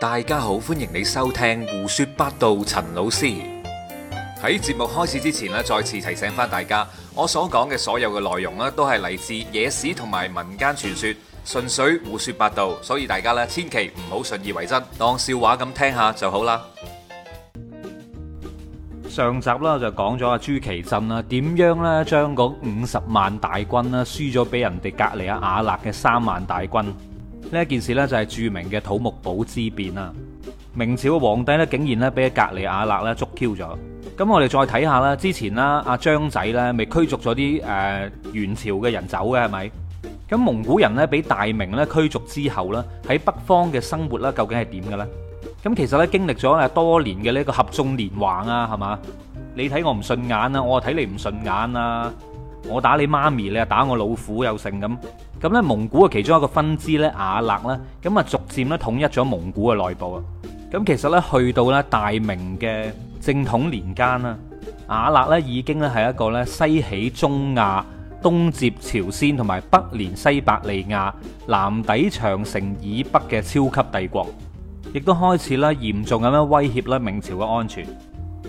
大家好，歡迎你收聽胡說八道。陳老師喺節目開始之前咧，再次提醒翻大家，我所講嘅所有嘅內容咧，都係嚟自野史同埋民間傳說，純粹胡說八道，所以大家咧千祈唔好信以為真，當笑話咁聽下就好啦。上集啦就講咗阿朱祁鎮啦，點樣咧將個五十萬大軍咧輸咗俾人哋隔籬阿瓦剌嘅三萬大軍。呢一件事呢，就係著名嘅土木堡之變啦，明朝皇帝呢，竟然呢，俾格里阿勒咧捉 Q 咗。咁我哋再睇下啦，之前啦，阿張仔呢，咪驅逐咗啲誒元朝嘅人走嘅係咪？咁蒙古人呢，俾大明呢驅逐之後呢，喺北方嘅生活呢，究竟係點嘅咧？咁其實呢，經歷咗多年嘅呢個合縱連橫啊，係嘛？你睇我唔順眼啊，我睇你唔順眼啊。我打你媽咪，你又打我老虎又成咁，咁咧蒙古嘅其中一個分支咧，瓦剌啦，咁啊逐漸咧統一咗蒙古嘅內部啊，咁其實咧去到咧大明嘅正統年間啦，瓦剌咧已經咧係一個咧西起中亞、東接朝鮮同埋北連西伯利亞、南抵長城以北嘅超級帝國，亦都開始咧嚴重咁樣威脅咧明朝嘅安全。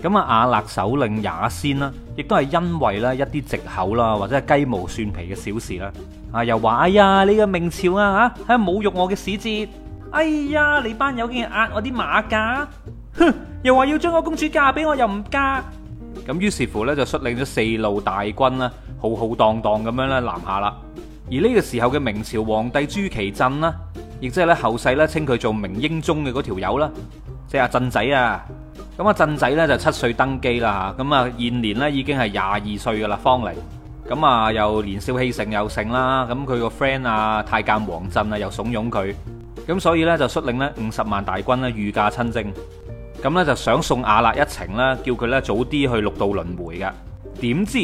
咁啊！瓦剌首領也先啦，亦都係因為呢一啲藉口啦，或者係雞毛蒜皮嘅小事啦，啊又話哎呀，你個明朝啊吓，喺侮辱我嘅使節，哎呀，你班友竟然壓我啲馬價，哼，又話要將個公主嫁俾我，又唔嫁，咁於是乎咧就率領咗四路大軍啦，浩浩蕩蕩咁樣咧南下啦。而呢個時候嘅明朝皇帝朱祁鎮啦，亦即係咧後世咧稱佢做明英宗嘅嗰條友啦，即係阿鎮仔啊。咁啊，鎮仔咧就七歲登基啦，咁啊現年咧已經係廿二歲噶啦，芳齡，咁啊又年少氣盛又盛啦，咁佢個 friend 啊太監王振啊又慫恿佢，咁所以咧就率領咧五十萬大軍咧御駕親征，咁咧就想送瓦剌一程啦，叫佢咧早啲去六道輪回嘅。點知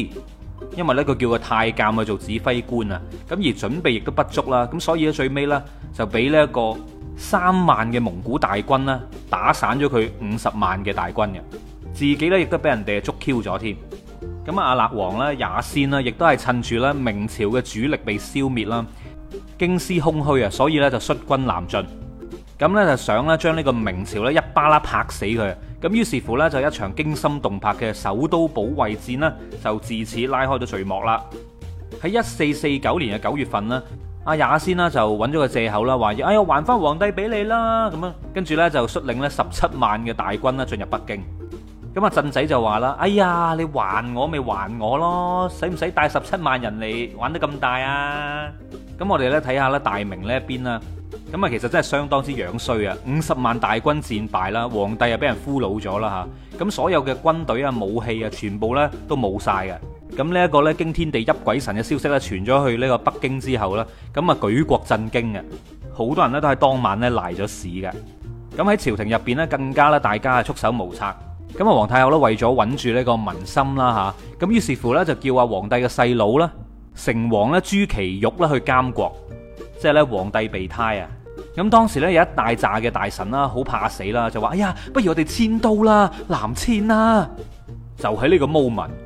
因為咧佢叫個太監去做指揮官啊，咁而準備亦都不足啦，咁所以咧最尾咧就俾呢一個。三萬嘅蒙古大軍啦，打散咗佢五十萬嘅大軍嘅，自己咧亦都俾人哋捉 Q 咗添。咁啊，阿勒王咧、也先啦，亦都係趁住咧明朝嘅主力被消滅啦，京師空虛啊，所以咧就率軍南進。咁咧就想咧將呢個明朝咧一巴啦拍死佢。咁於是乎咧就一場驚心動魄嘅首都保衛戰呢就自此拉開咗序幕啦。喺一四四九年嘅九月份啦。阿也先啦就搵咗個借口啦，話要哎呀還翻皇帝俾你啦，咁啊跟住咧就率領咧十七萬嘅大軍啦進入北京，咁啊鎮仔就話啦，哎呀你還我咪還我咯，使唔使帶十七萬人嚟玩得咁大啊？咁我哋咧睇下啦，大明呢一邊啦，咁啊其實真係相當之樣衰啊，五十萬大軍戰敗啦，皇帝又俾人俘虜咗啦吓，咁所有嘅軍隊啊武器啊全部咧都冇晒嘅。咁呢一個咧驚天地泣鬼神嘅消息咧傳咗去呢個北京之後咧，咁啊舉國震驚嘅，好多人咧都喺當晚咧賴咗屎嘅。咁喺朝廷入邊咧更加咧大家啊束手無策。咁啊皇太后咧為咗穩住呢個民心啦吓，咁於是乎咧就叫阿皇帝嘅細佬啦，成王咧朱祁鈺咧去監國，即係咧皇帝備胎啊。咁當時咧有一大扎嘅大臣啦，好怕死啦，就話哎呀，不如我哋遷都啦，南遷啦，啊，就喺呢個 moment。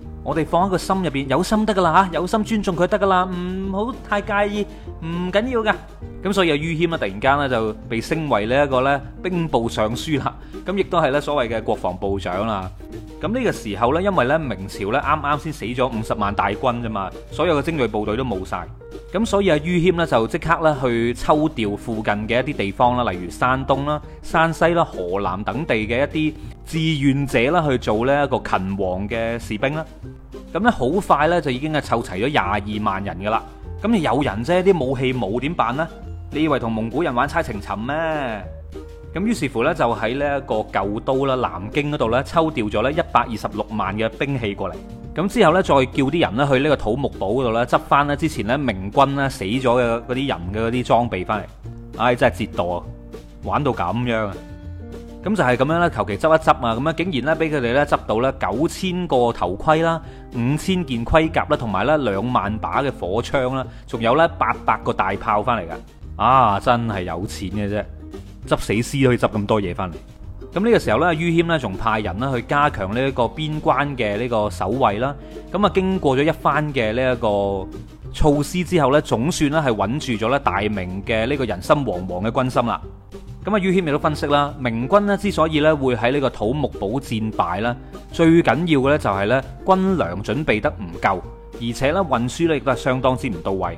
我哋放喺個心入邊，有心得噶啦吓，有心尊重佢得噶啦，唔好太介意，唔緊要噶。咁所以阿于謙啊，突然間咧就被升為呢一個咧兵部尚書啦，咁亦都係咧所謂嘅國防部長啦。咁呢個時候咧，因為咧明朝咧啱啱先死咗五十萬大軍啫嘛，所有嘅精銳部隊都冇晒。咁所以阿于謙呢，就即刻咧去抽調附近嘅一啲地方啦，例如山東啦、山西啦、河南等地嘅一啲志願者啦去做呢一個勤王嘅士兵啦。咁咧好快呢，就已經係湊齊咗廿二萬人噶啦。咁有人啫，啲武器冇點辦呢？你以為同蒙古人玩猜情尋咩？咁於是乎咧，就喺呢一個舊都啦，南京嗰度咧，抽調咗咧一百二十六萬嘅兵器過嚟。咁之後咧，再叫啲人咧去呢個土木堡嗰度咧，執翻咧之前咧明軍咧死咗嘅嗰啲人嘅嗰啲裝備翻嚟。唉、哎，真係折墮啊！玩到咁樣啊！咁就係咁樣啦，求其執一執啊！咁樣竟然咧，俾佢哋咧執到咧九千個頭盔啦，五千件盔甲啦，同埋咧兩萬把嘅火槍啦，仲有咧八百個大炮翻嚟噶。啊，真係有錢嘅啫！執死屍都可以執咁多嘢翻嚟，咁呢個時候呢，于謙呢仲派人去加強呢一個邊關嘅呢個守衛啦，咁啊經過咗一番嘅呢一個措施之後呢，總算呢係穩住咗大明嘅呢個人心惶惶嘅軍心啦。咁啊，于謙亦都分析啦，明軍呢之所以呢會喺呢個土木堡戰敗啦，最緊要嘅呢就係呢軍糧準備得唔夠，而且呢運輸呢亦都係相當之唔到位。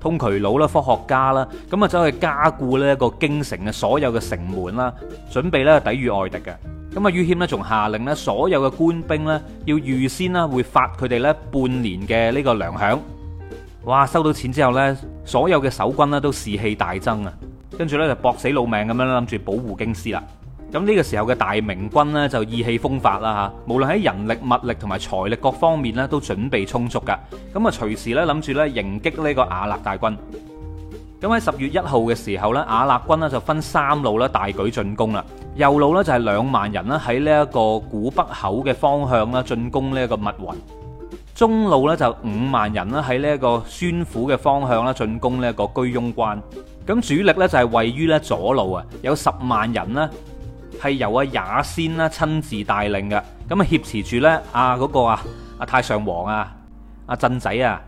通渠佬啦，科學家啦，咁啊，走去加固呢一個京城嘅所有嘅城門啦，準備咧抵禦外敵嘅。咁啊，于謙呢，仲下令呢所有嘅官兵呢，要預先啦會發佢哋呢半年嘅呢個糧餉。哇！收到錢之後呢，所有嘅守軍呢都士氣大增啊，跟住呢，就搏死老命咁樣諗住保護京師啦。咁呢個時候嘅大明軍咧，就意氣風發啦嚇。無論喺人力、物力同埋財力各方面咧，都準備充足嘅。咁啊，隨時咧諗住咧迎擊呢個瓦剌大軍。咁喺十月一號嘅時候咧，瓦剌軍咧就分三路咧大舉進攻啦。右路咧就係兩萬人啦，喺呢一個古北口嘅方向啦進攻呢一個密雲；中路咧就五萬人啦，喺呢一個宣府嘅方向啦進攻呢一個居庸關。咁主力咧就係位於咧左路啊，有十萬人啦。係由阿也先啦親自帶領嘅，咁啊，挾持住咧啊嗰個啊阿太上皇啊阿鎮仔啊，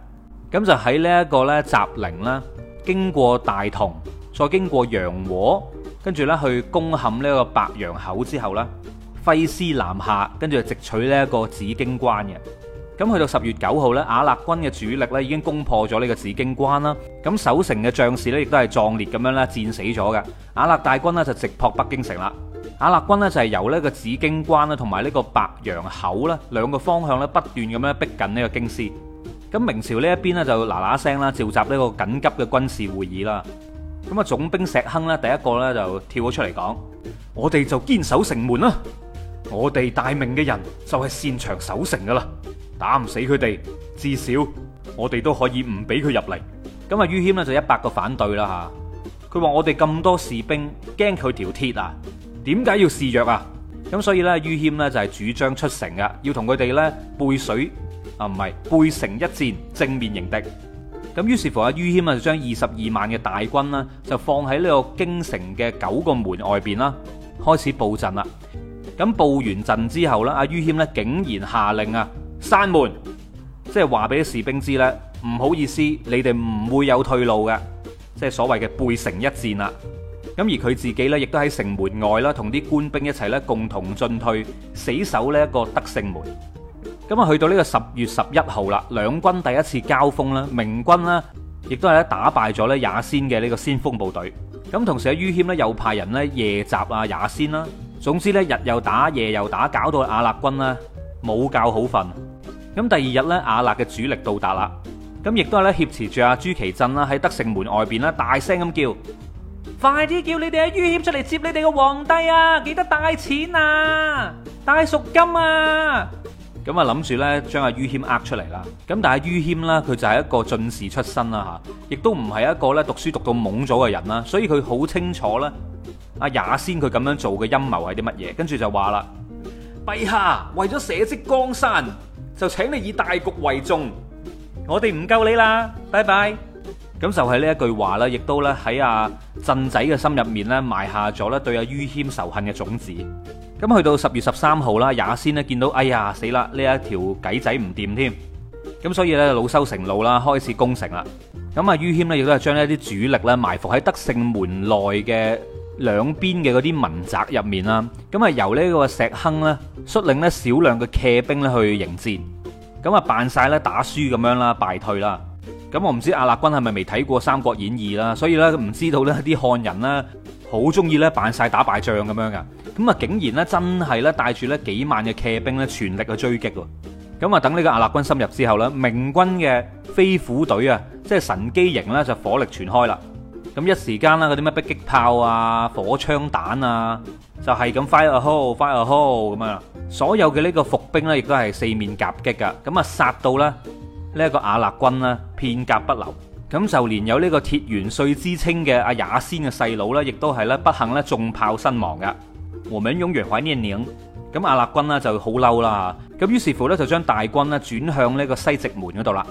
咁就喺呢一個咧集寧啦，經過大同，再經過陽和，跟住咧去攻陷呢個白洋口之後咧，揮師南下，跟住就直取呢一個紫荊關嘅。咁去到十月九號咧，瓦剌軍嘅主力咧已經攻破咗呢個紫荊關啦。咁守城嘅將士咧亦都係壯烈咁樣咧戰死咗嘅。瓦剌大軍呢，就直撲北京城啦。瓦剌軍咧就係由呢個紫荊關啦，同埋呢個白羊口啦兩個方向咧不斷咁咧逼緊呢個京師。咁明朝呢一邊咧就嗱嗱聲啦召集呢個緊急嘅軍事會議啦。咁啊總兵石亨咧第一個咧就跳咗出嚟講：我哋就堅守城門啦，我哋大明嘅人就係擅長守城噶啦，打唔死佢哋，至少我哋都可以唔俾佢入嚟。咁啊于謙咧就一百個反對啦吓，佢話我哋咁多士兵驚佢條鐵啊！點解要示弱啊？咁所以呢，于謙呢就係主張出城啊，要同佢哋呢背水啊，唔係背城一戰，正面迎敵。咁於是乎，阿于謙啊，就將二十二萬嘅大軍呢，就放喺呢個京城嘅九個門外邊啦，開始布陣啦。咁布完陣之後呢，阿于謙呢竟然下令啊，閂門，即係話俾啲士兵知呢，唔好意思，你哋唔會有退路嘅，即係所謂嘅背城一戰啦。咁而佢自己咧，亦都喺城門外啦，同啲官兵一齊咧，共同進退，死守呢一個德勝門。咁啊，去到呢個十月十一號啦，兩軍第一次交鋒啦，明軍啦，亦都係咧打敗咗咧也先嘅呢個先鋒部隊。咁同時啊，于謙咧又派人咧夜襲啊也先啦。總之咧，日又打，夜又打，搞到瓦剌軍咧冇覺好瞓。咁第二日咧，瓦剌嘅主力到達啦，咁亦都係咧挾持住啊朱祁鎮啦喺德勝門外邊啦大聲咁叫。快啲叫你哋阿于謙出嚟，接你哋嘅皇帝啊！記得帶錢啊，帶贖金啊！咁啊諗住呢將阿于謙呃出嚟啦。咁但係阿于謙啦，佢就係一個進士出身啦吓，亦都唔係一個咧讀書讀到懵咗嘅人啦，所以佢好清楚啦阿也先佢咁樣做嘅陰謀係啲乜嘢，跟住就話啦：陛下為咗社稷江山，就請你以大局為重，我哋唔救你啦，拜拜。咁就係呢一句話啦，亦都咧喺阿鎮仔嘅心入面咧埋下咗咧對阿于謙仇恨嘅種子。咁去到十月十三號啦，也先咧見到，哎呀死啦！呢一條計仔唔掂添，咁所以咧老羞成怒啦，開始攻城啦。咁啊，于謙咧亦都係將呢啲主力咧埋伏喺德勝門內嘅兩邊嘅嗰啲民宅入面啦。咁啊，由呢個石亨咧率領咧少量嘅騎兵咧去迎戰，咁啊扮曬咧打輸咁樣啦，敗退啦。咁我唔知阿立軍係咪未睇過《三國演義》啦，所以咧唔知道咧啲漢人咧好中意咧扮晒打敗仗咁樣噶，咁啊竟然咧真係咧帶住咧幾萬嘅騎兵咧全力去追擊喎，咁啊等呢個阿立軍深入之後咧，明軍嘅飛虎隊啊，即係神機營咧就火力全開啦，咁一時間啦嗰啲咩迫擊炮啊、火槍彈啊，就係咁 fire a hole、fire a hole 咁樣，所有嘅呢個伏兵咧亦都係四面夾擊噶，咁啊殺到咧～呢一個瓦剌軍啦，片甲不留，咁就連有呢個鐵元帥之稱嘅阿也先嘅細佬呢，亦都係咧不幸咧中炮身亡嘅，和名勇弱壞呢一領，咁瓦剌軍呢就好嬲啦，咁於是乎呢，就將大軍咧轉向呢個西直門嗰度啦，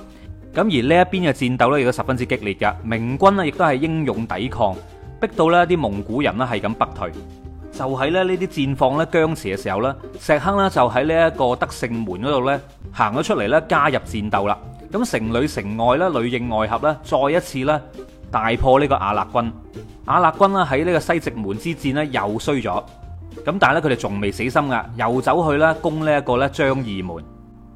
咁而呢一邊嘅戰鬥呢，亦都十分之激烈嘅，明軍呢，亦都係英勇抵抗，逼到呢啲蒙古人咧係咁北退，就喺呢啲戰況咧僵持嘅時候呢，石亨呢，就喺呢一個德勝門嗰度呢，行咗出嚟呢，加入戰鬥啦。咁城裡城外咧，裡應外合咧，再一次咧大破呢個瓦剌軍。瓦剌軍啦喺呢個西直門之戰咧又衰咗。咁但係咧佢哋仲未死心㗎，又走去啦攻呢一個咧彰義門。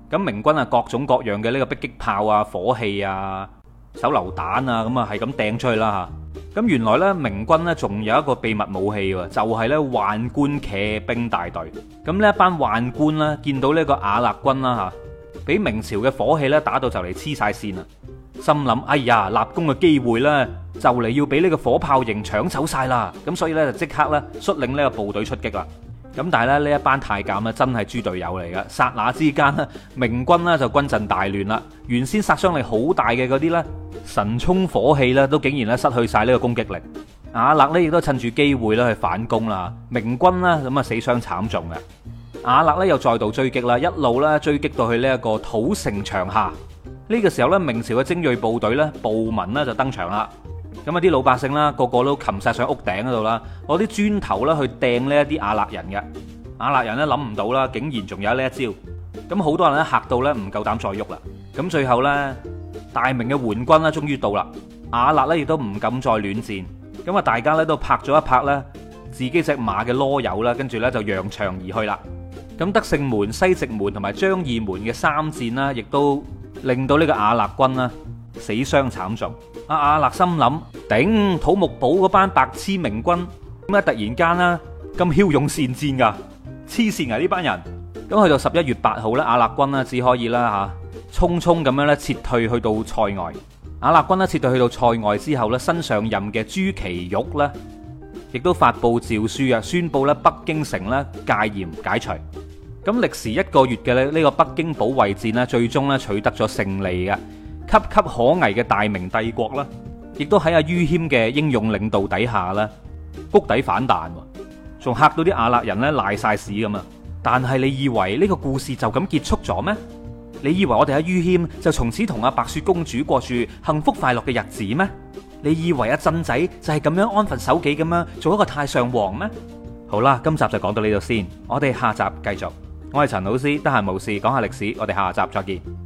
咁明軍啊各種各樣嘅呢個迫擊炮啊、火器啊、手榴彈啊，咁啊係咁掟出去啦嚇。咁原來咧明軍咧仲有一個秘密武器喎，就係咧宦官騎兵大隊。咁呢一班宦官啦，見到呢個瓦剌軍啦嚇。俾明朝嘅火器咧打到就嚟黐晒線啦，心諗，哎呀立功嘅機會呢，就嚟要俾呢個火炮營搶走晒啦，咁所以呢，就即刻呢率領呢個部隊出擊啦。咁但係咧呢一班太監呢真係豬隊友嚟噶，剎那之間呢明軍呢就軍陣大亂啦，原先殺傷力好大嘅嗰啲呢神沖火器呢都竟然咧失去晒呢個攻擊力。阿勒呢亦都趁住機會咧去反攻啦，明軍呢，咁啊死傷慘重嘅。阿勒咧又再度追擊啦，一路咧追擊到去呢一個土城牆下呢，呢個時候咧，明朝嘅精銳部隊咧，暴民咧就登場啦。咁啊，啲老百姓啦，個個都擒晒上屋頂嗰度啦，攞啲磚頭啦去掟，呢一啲阿勒人嘅。阿勒人咧諗唔到啦，竟然仲有呢一招。咁好多人咧吓到呢唔夠膽再喐啦。咁最後呢，大明嘅援軍啦，終於到啦。阿勒咧亦都唔敢再戀戰，咁啊，大家咧都拍咗一拍呢自己隻馬嘅囉柚啦，跟住呢，就揚長而去啦。咁德勝門、西直門同埋彰義門嘅三戰啦，亦都令到個瓦呢個瓦剌軍啦死傷慘重。阿，瓦剌心諗：頂土木堡嗰班白痴明軍，點解突然間啦咁驍勇善戰噶、啊？黐線呀呢班人，咁去到十一月八號咧，瓦剌軍呢只可以啦、啊、吓，匆匆咁樣咧撤退去到塞外。瓦剌軍呢撤退去到塞外之後咧，新上任嘅朱祁鈺咧，亦都發布詔書啊，宣布咧北京城呢戒嚴解除。咁歷時一個月嘅咧呢個北京保衛戰呢，最終呢取得咗勝利嘅，岌岌可危嘅大明帝國啦，亦都喺阿于謙嘅英勇領導底下啦，谷底反彈，仲嚇到啲瓦剌人呢賴晒屎咁啊！但係你以為呢個故事就咁結束咗咩？你以為我哋阿于謙就從此同阿白雪公主過住幸福快樂嘅日子咩？你以為阿鎮仔就係咁樣安分守己咁樣做一個太上皇咩？好啦，今集就講到呢度先，我哋下集繼續。我係陳老師，得閒冇事講下歷史，我哋下集再見。